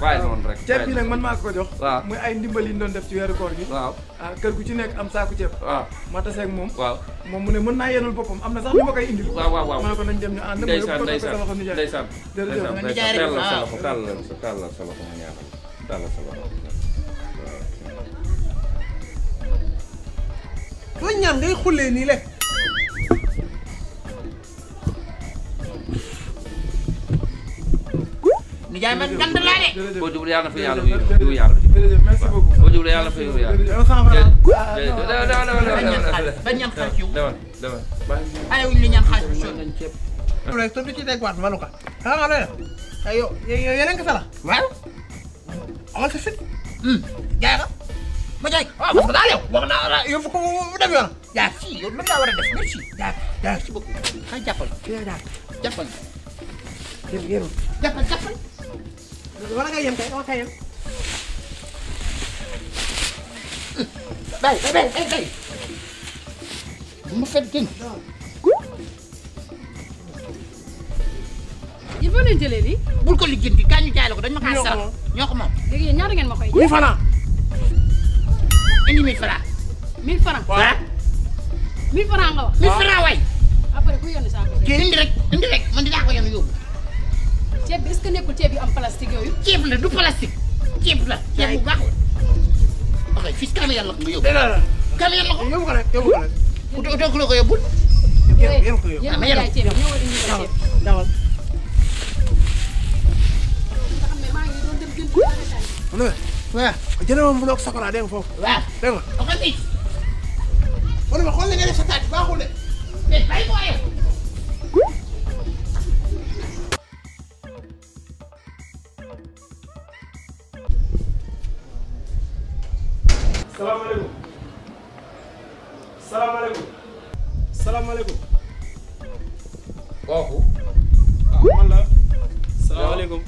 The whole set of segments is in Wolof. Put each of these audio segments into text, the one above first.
waaye noonu rek ceeb bi nag man maa ko jox waaw muy ay ndimbal yi ñu doon def ci weeru koor gi waaw ah, kër gu ci nekk am saaku ceeb waaw ma taseeg moom waaw moom mu ne mën naa yenul boppam am na sax ni ma koy indil waaw waaw waaw ma ne ko nañ dem ñu ànd ndeysaan ndeysaan ndeysaan sa loxo sa tàllal sa loxo ma ñaanal tàllal sa loxo waaw ñam ngay xullee nii lekk Ndiaye man gànd laa de. boo jublu yàlla na fa yàlla yu yu yàlla. merci beaucoup boo jublu yàlla na fa yu yàlla. ba ñaan xaalis yow. dama dama. ayewuñu li ñaan xaalis bu sonn. rek tontu ci teg waat walu ka ah nga lay def yow yeneen kese la. waaw. amal sa fit. Hmm. jaay ka ma jaay waaw parce que daal yow wax naa yow fu ko dem yoon. yaa si yow loolu laa war a def merci. yaa yaa si beaucoup. xay jàppal. jàppal. jàppal jàppal. wala bay bay bay bay. ma fekk gën. yéen foo leen jëlee lii. bul ko lijjanti kaay ñu jaay la ko dañ ma kaa sal ñoo ko moom. léegi yéen ñaata ma koy. 1000F. indi 1000F. 1000F. waaw 1000F nga wax. 1000 waay. plastique yooyu. ceeb la du plastique. ceeb la ceeb bu baax. ok fii kaanu yàlla ko nga yóbbu. kaanu yàlla ko yóbbu ko ko nag. ut ut ko yóbbu. yóbbu ko ko yóbbu. Ah, dawal dawal. waaw jënd moom mënoo ko sokola dégg nga foofu. waaw dégg nga. ok. ma ma xool nga sa taat baaxul de. Eh, salaamaaleykum salaamaaleykum salaamaaleykum. kooku. ah man la. salaamaaleykum.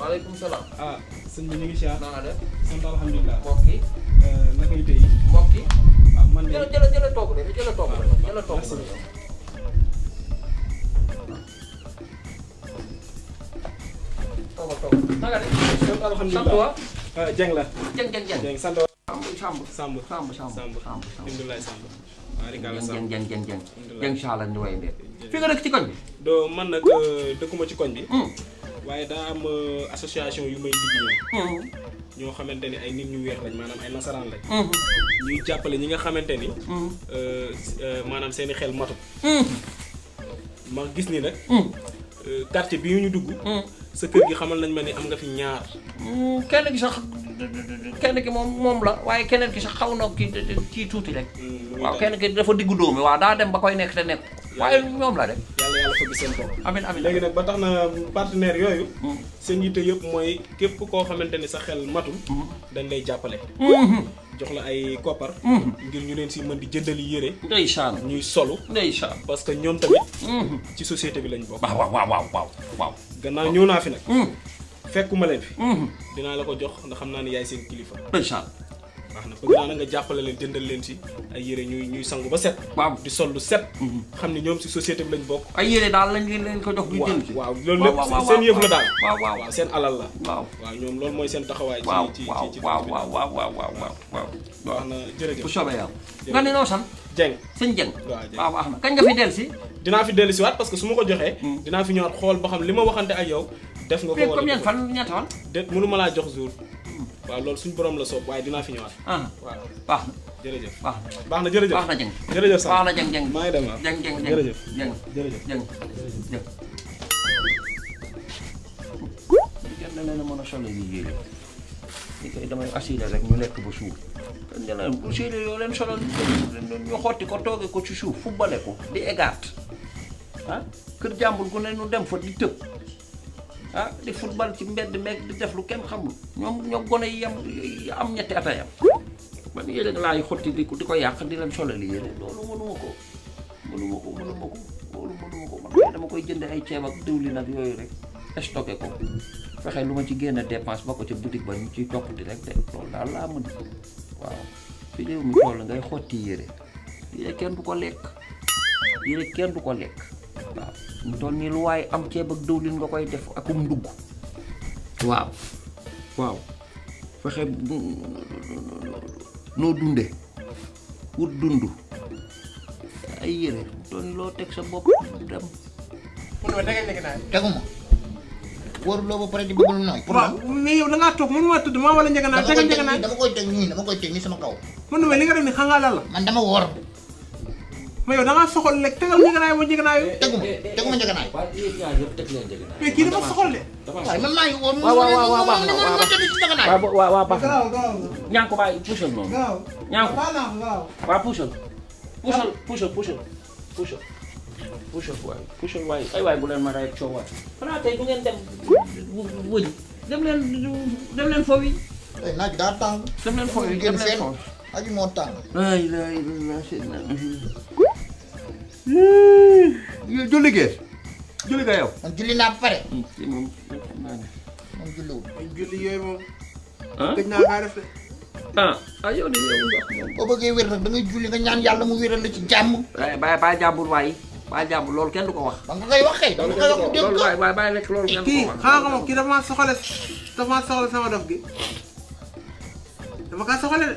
waaleykum salaam. ah sëñ bi ñu ngi si waat. na nga def sant alhamdulilah. mbokk yi. Eh, naka yi tey. mbokk ah, de jëla jëla jëla toog de jëla toog de wa. Dieng la. Dieng Dieng Dieng sant wa. Samb Samb Samb Samb Samb Abdoulaye Samb waarikàlla Samb jeng jeng jeng jeng saala ñu way mbee fi nga dëkk ci koñ bi doo man nag euh, dëkkuma ci koñ bi hmm. waaye daa am euh, association yu may liggéey hmm. ñoo xamante ni ay nit ñu weex lañ maanaam ay nasaraan lañ hmm. ñuy jàppale ñi nga xamante ni euh, maanaam seeni xel matu ma gis ni nag quartier bi ñu dugg sa kër gi xamal nañ ma ni am nga fi ñaar kenn gi sax kenn ki moom moom la waaye keneen ki sax xaw na ki kii tuuti rek. waaw kenn ki dafa diggu dóomi waaw daa dem ba koy nekk te nekk. waaye ñoom la rek. yàlla yàlla fëgg seen bopp. léegi nag ba tax na partenaire yooyu. Hmm. seen yitte yëpp mooy képp koo xamante ni sa xel matul. Hmm. dañ lay jàppale. Hmm. jox la ay koppar. ngir ñu leen si mën di jëndali yére. ndeysaan ñuy solu. ndeysaan parce que ñoom tamit. ci société bi lañ bokk. waaw fekkuma leen fi. Mhm. dinaa la ko jox ndax xam naa ne yaay seen kilifa. incha allah. baax na bëgg naa na nga jàppale leen jëndal leen si ay yére ñuy ñuy sangu ba set. waaw di sol lu set. Mhm. xam ne ñoom si société bi lañ bokk. ay yére daal lañ leen ko jox. ñu jënd si waaw waaw loolu lépp seen yëf la daal. waaw waaw mooy seen taxawaay. ci ci ci ci waaw waaw waaw waaw waaw waaw. baax na jërëjëf bu soobee yàlla. nga ne noo san. Dieng sëñ Dieng. waaw waaw kañ nga fi dellu si. dinaa fi dellu si waat parce que su ma ko joxee. Hmm. dinaa fi ñëwaat xool ba xam li ma waxante ak yow def nga ko wala combien fan ñaata fan. déet mënu ma laa jox jour. waaw loolu suñu borom la soob waaye dinaa fi ñëwaat. Ah, waaw baax na jërëjëf baax na baax na jërëjëf baax na jëng jërëjëf sax baax na jëng jëng maa ngi dem waaw jëng jëng jërëjëf jëng jërëjëf jëng jëng kenn da leen a mën a solo liggéey li koy damay assuré rek ñu lekk ba suuf kenn da leen bu séeréer yoo leen solo ñu xotti ko tooge ko ci suuf fubbale ko di égaat ah kër jàmbur gu ne ñu dem fa di tëb ah di football ci mbedd meeg di def lu kenn xamul ñoom ñoo gone yi am am ñetti at a yam man yére laay xotti di ko di ko yàq di leen solali yére loolu mënuma ko mënuma ko mënuma ko dama koy jënd ay ceeb ak diwlin ak yooyu rek stocké ko fexe lu ma ci génn dépense ba ko ci boutique ba ñu ci topp di rek de loolu daal laa mën waaw fi réew mi xool ngay xotti yére yére kenn du ko lekk yére kenn du ko lekk mu toll nii lu waaye am ceeb ak dëwlin nga koy def akum ndugg waaw waaw fexe noo dunde pour dund ay yére mu toll nii loo teg sa bopp dem teguma wóoruloo ba pare di bëgg lu nooy. pour waaw mais yow da ngaa toog mënuma na maa wala njëganaay. tegal njëganaay dama koy teg nii dama koy teg nii sama kaw. man li nga def ni xangaa la. man dama wóor. ma yow da ngaa soxal lekk tegal njëganaay ma njëganaay. Eh, eh, teguma eh, teguma njëganaay. waaw mais kii dafa soxal de. dafa soxal man maa ngi woon. waaw waaw waaw waaw waaw waaw waaw waaw baax na. ñaan ko bàyyi puusal noonu. ñaan ko waaw puusal. puusal puusal puusal puusal. puusal waay puusal waay ay waay bu leen ma rey coow waay. xanaa tey du ngeen dem wëli. dem leen dem leen foofu yi. naaj daa tàng. dem leen foofu yi dem leen foofu. ak moo tàng. julli gee julli nga yow. man julli naa pare. kii moom moom julliwul. julli yooyu moom. ah gëj naa kaa def de. ah ah yow de yow wax. boo bëggee wér nag da ngay julli nga ñaan yàlla mu wéral la ci jàmm. bàyyi bàyyi jàmbur waay bàyyi jàmbur loolu kenn du ko wax. ba nga koy wax kay. da nga koy wax dégg ko waay bàyyi rek loolu kenn du ko wax. kii xam nga moom kii dafa maa soxale dafa maa soxale sama dof gi dafa kaa soxale de.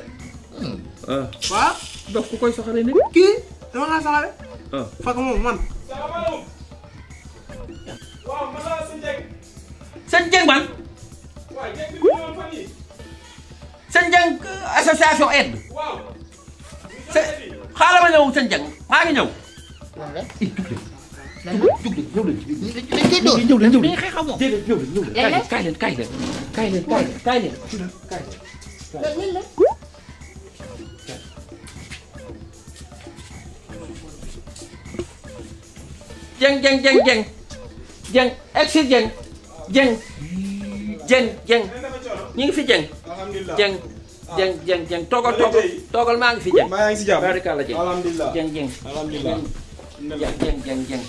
waaw. dof ku koy soxale nit. kii dafa kaa soxale. fak moom man. waaw man laa sëñ Dieng. sëñ Dieng man. waaw Dieng bi ñu ñëwoon fan yii. sëñ Dieng association aide. waaw. xaaral ma ñëw sëñ Dieng maa ngi ñëw. lan la jug de ñëw leen ci biir. dañ koy dóor ñëw leen ñëw leen ñëw leen ñëw leen kaay leen kaay leen kaay leen kaay leen kaay leen kaay leen. jeng jeng jeng jeng jeng egsi jeng jeng jeng jeng ñu ngi fi jeng jeng jeng jeng jeng toogal toogal toogal maa ngi fi jeng maa ngi si jàmm barikalla jeng jeng jeng jeng jeng jeng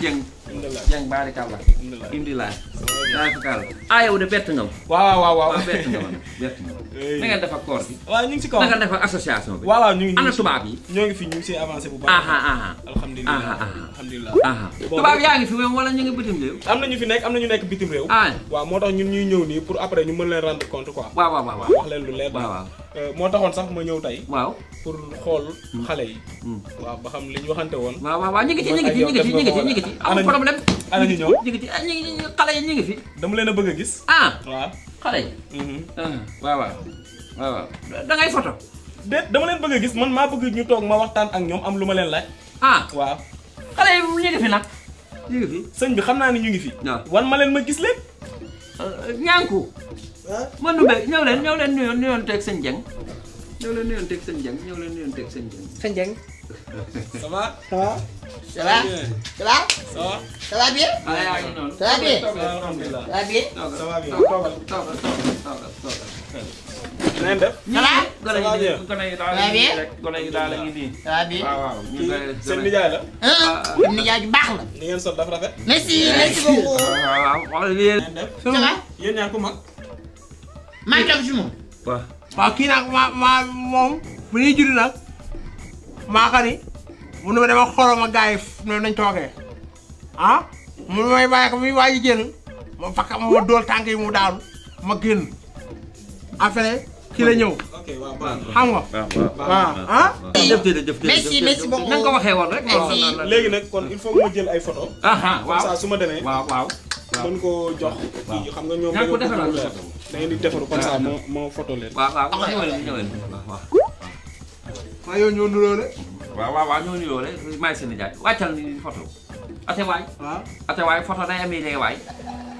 jeng jeng barikalla indilaa barikalla ah yow de bett nga ma waaw waaw waaw bett nga ma bett nga ma na ngeen def ak koor bi. waaw ñu ngi si kaw na ngeen association bi. waaw ñu ngi ana tubaab yi. ñoo ngi fi ñu ngi avancé bu baax. alhamdulilah alhamdulilah. tubaab yaa ngi fi même ñu ngi bitim réew. am na ñu fi nekk am na ñu nekk bitim réew. Ah. waaw moo tax ñun ñuy ñëw nii pour après ñu mën leen rendre compte quoi. waaw waaw waaw wax leen lu leer. waaw Euh, moo taxoon sax ma ñëw tey. waaw pour xool hmm. xale yi. Hmm. waaw ba xam li ñu waxante woon. waaw waaw waaw ñu ngi ci ñu ngi ci ñu ngi ci ñu ngi ci ñu ngi ci ñu ngi ci ah, xale yi ñu fi. dama leen a bëgg a gis. ah waaw hmm. dama leen bëgg gis man maa bëgg ñu toog ma waxtaan ak ñoom am lu ma leen laaj. ah waaw. xale yi ñu fi nag. sëñ bi xam naa ne ñu ngi fi. waaw wan ma leen ma gis leen. Euh, ñaanku. man nu mbéy ñëw leen ñëw leen nuyoon nuyoon teg sëñ Dieng ñëw leen nuyoon teg sëñ Dieng ñëw leen nuyoon teg sëñ Dieng. sëñ Dieng. ça va. ça va. ça va. ça va. ça va bien. ça va bien. ça va bien. ça va bien. toogal toogal toogal toogal. nañ def. ça va bien. gone yi daal a ngi nii. ça va bien. waaw waaw ñu seen nijaay la. seen nijaay ju baax la. ni ngeen sol dafa rafet. merci merci beaucoup. waaw waaw. nañ def. yéen ñaar ku mag. maa ngi ci moom. waaw kii nag maa moom bu ñuy nag maa xam ni mu ne ma dama xooloo ma gars yi noonu lañ toogee ah mu may bàyyi ko muy waaj a ma dool tànk yi mu daanu ma génn après ki la ñëw. ok waaw baax na xam nga. waaw ah. ah. jëf jëf merci merci beaucoup na nga ko waxee woon rek. léegi nag kon il faut mu jël ay photo. Ah, ah, waaw su ma demee waaw waaw. mën koo waaw ko defaral da ngeen di defaru comme ça moo moo photo leen. waaw waaw waaw ñoo niroo de. waaw waaw ñoo niroo de maa ngi seen i jaay wàccal ni photo. ate waay. waaw waay photo day amee lee waay.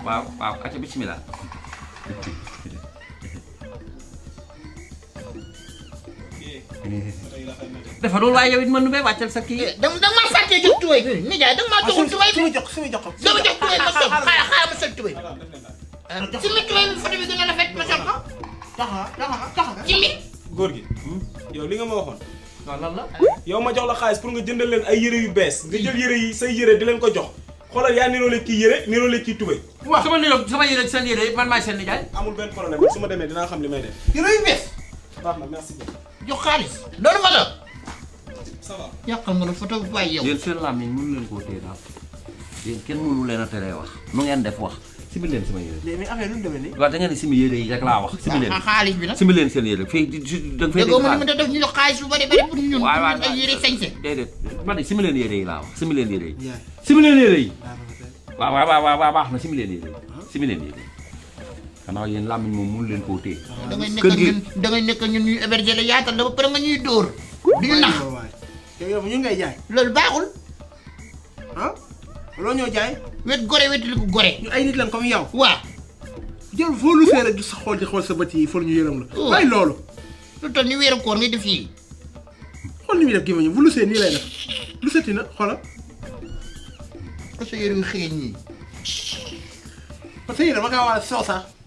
waaw waaw ate bismillah. dafa doon yow it man nu may wàccal sa kii. Eh, da nga maa sàkkee jox tuwaay. Eh, nijaay da nga maa joxul ah, tuwaay. su ma jox su ma jox tubéy ci euh, euh, micro yi photo a rafet gi hmm? yow li nga ma waxoon waaw lan la yow ma jox la xaalis pour nga jëndal leen ay yére yu bees nga jël yére yi say yére di leen ko jox xoolal yaa niroole kii yére niroole kii tubéy waaw sama niroo sama yére man maay seen nijaay amul benn problème su ma demee dinaa xam li may def yére yu bees baax na merci xaalis loolu ma la yàqal nga la photo bi yow yéen seen làmmiñ mën leen koo téye daal kenn mënu leen a teree wax nu ngeen def wax simi leen sama yére. mais affaire yi nu mu demee nii. waaw da ngeen di simi yére yi rek laa wax. simi leen ah, xaalis bi nag simi leen seen yére fii da nga fay. dégg nga def ñu xaalis bu bari bari pour ñun. waaw waaw ay yére sañse. déedéet ma ne simi leen yére yi laa wax simi leen yére yi. simi leen yére yi. Ah, waaw waaw waaw baax na simi leen yére yi ah. simi leen yére yi. xanaa yéen làmmiñ moom mënu leen koo téye. kër gi da ngay nekk ñun ñuy héberger la yaatal la ba pare nga ñuy dóor. di ñu nax. yow ñu ngay jaay. loolu baaxul. ah loolu ñoo jaay we gore wetiliku gore. ay nit lan comme yow. wa jël foo lu see rek di xool di xool sa bët yi fol ñu yërëm la. waaw oh. loolu. lu tax ñu weeru koor ngay def yii. xool ni muy def gémmiñ bu lu see nii lay def lu seeti na xoolal. parce que yéen a ngi xëy ñii. parce que yéen a ma war a soosa.